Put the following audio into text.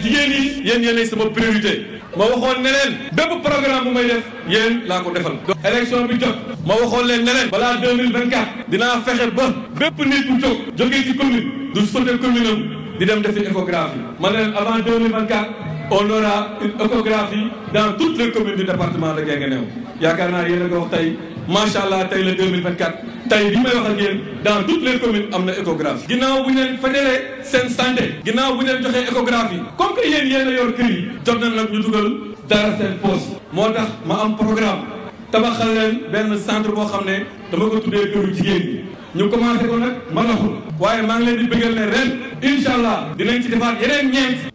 jigéen yi yéen yéenay sama priorité ma waxoon ne bépp programme bu may def yéen laa ko defal. donc élection bi jot ma waxoon leen ne balaa 2024 dinaa fexe ba bépp nit bu jóg jógee ci commune du sote commune di dem defi échographie ma ne leen avant 2024 on aura une échographie dans toutes les communes du département de yaakaar naa yéen a ko wax tey macha allah tey la 2024. tey li may wax ak yéen dans toutes les communes am na échographie ginnaaw bu ñu leen seen santé ginnaaw bu ñu joxee échographie comme que yéen yéen a yor kër yi jot nañ nag ñu dugal dara seen poste moo tax ma am programme tabaxal leen benn centre boo xam ne dama ko tuddee këru jigéen ñi ñu commencé ko nag ma laxul waaye maa ngi leen di bëggal ne ren incha allah dinañ ci defaat yeneen ñeent